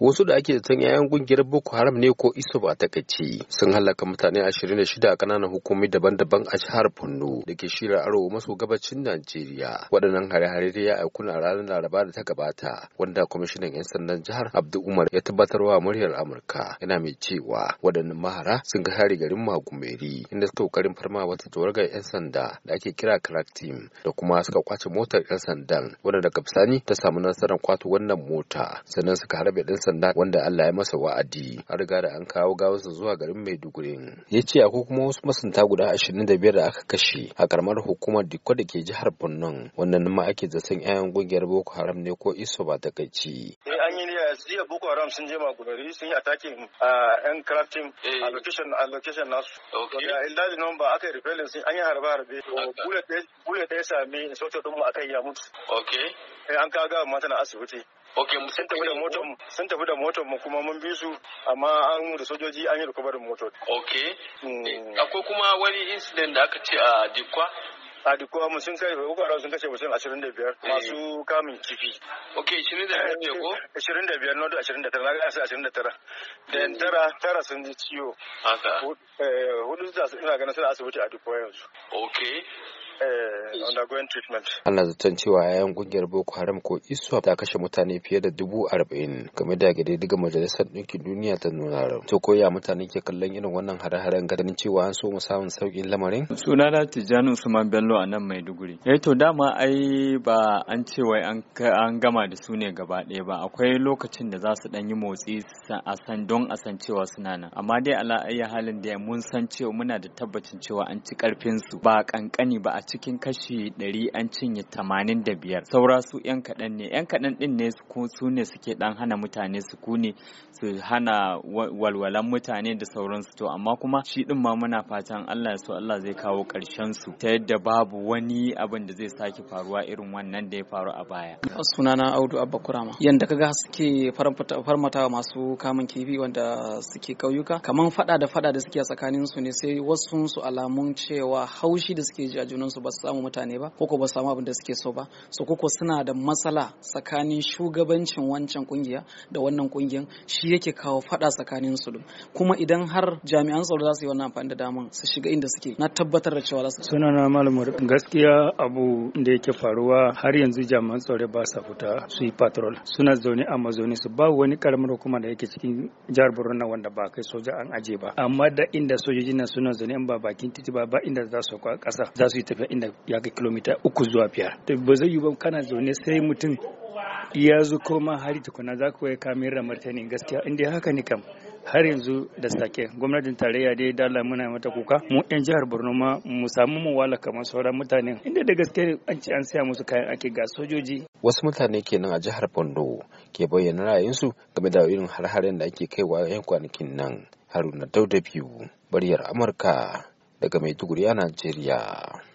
wasu da ake zaton yayan kungiyar boko haram ne ko iso ba kace sun halaka mutane 26 a kananan hukumomi daban-daban a jihar borno da ke shirar arewa maso gabacin najeriya waɗannan hare-hare da ya aikuna a ranar laraba da ta gabata wanda kwamishinan 'yan sandan jihar abdu umar ya wa muryar amurka yana mai cewa waɗannan mahara sun ga hari garin magumeri inda suka kokarin farma wata tawargar 'yan sanda da ake kira crack team da kuma suka kwace motar 'yan sandan Wadanda daga bisani ta samu nasarar kwato wannan mota sannan suka harbe ɗin sanda wanda Allah ya masa wa'adi an riga da an kawo gawarsa zuwa garin Maiduguri ya ce akwai kuma wasu masunta guda ashirin da biyar da aka kashe a karamar hukumar Dikko da ke jihar Borno wannan ma ake zaton 'ya'yan gungiyar Boko Haram ne ko iso ba ta kai eh, an yi jiya Boko Haram sun je magudari sun yi attacking a ah, yan crafting eh. a location a location nasu. Ya illali nan ba aka yi repelling sun an yi harbe harbe. Bullet ɗaya sami instructor ɗinmu akan ya mutu. Okay. Eh, an kaga mata na asibiti. ok sun tafi da motar sun tafi da motar mu kuma mun bi su amma an da sojoji an yi rikobar motar ok mm. eh, akwai kuma wani incident da aka ce a dikwa a dikwa mu sun kai uku sun kace mutum ashirin da biyar eh. masu kamun kifi ok ashirin da biyar ne ko eh, ashirin da biyar ashirin da tara na gasa ashirin da tara mm. tara tara sun ji ciwo haka hudu da suna ganin suna asibiti a dikwa yanzu ok Eh, undergoing treatment. Ana zaton cewa yayan kungiyar Boko Haram ko ISWAP ta kashe mutane fiye da dubu arba'in game da daga majalisar ɗinkin duniya ta nuna To ya mutane ke kallon irin wannan hare-haren ganin cewa an so mu samun sauƙin lamarin? Suna na Tijjani Usman Bello a nan Maiduguri. Eh to dama ai ba an ce wai an gama da su ne gaba ɗaya ba akwai lokacin da za su ɗan yi motsi a san don a san cewa suna nan amma dai ala halin da mun san cewa muna da tabbacin cewa an ci karfin su ba ƙanƙani ba a cikin kashi ɗari an cinye tamanin da biyar saura su yan kaɗan ne yan kaɗan ɗin ne su ne suke ɗan hana mutane kune su hana walwalan mutane da sauransu to amma kuma shi ɗin ma muna fatan Allah ya so Allah zai kawo ƙarshen su ta yadda babu wani abin da zai sake faruwa irin wannan da ya faru a baya. Sunana Audu Abba Kurama. Yanda kaga suke farmata masu kamun kifi wanda suke kauyuka kaman fada da fada da suke tsakanin su ne sai wasu su alamun cewa haushi da suke ji a junan su ba su samu mutane ba ko ko ba su samu abin da suke so ba so koko suna da matsala tsakanin shugabancin wancan kungiya da wannan kungiyan shi yake kawo fada tsakanin su kuma idan har jami'an tsaro za su yi wannan amfani da daman su shiga inda suke na tabbatar da cewa za su suna na gaskiya abu da yake faruwa har yanzu jami'an tsaro ba sa fita su yi patrol suna zaune a mazauni su ba wani karamar hukuma da yake cikin jihar Borno wanda ba kai soja an aje ba amma da inda sojoji na suna zaune in ba bakin titi ba ba inda za su kwa kasa za su yi tafiya saba'in da ya kai kilomita uku zuwa biyar to ba zai yi ba kana zaune sai mutum ya zo koma hari tukuna za ku kamar kamin martani. gaskiya inda haka ni kam har yanzu da sake gwamnatin tarayya dai dala muna mata kuka mu yan jihar borno ma mu samu mu wala kamar sauran mutane inda da gaske an ci an saya musu kayan ake ga sojoji wasu mutane kenan a jihar bondo ke bayyana ra'ayinsu game da irin har da ake kaiwa yan kwanakin nan haruna dauda biyu baryar amurka daga maiduguri a najeriya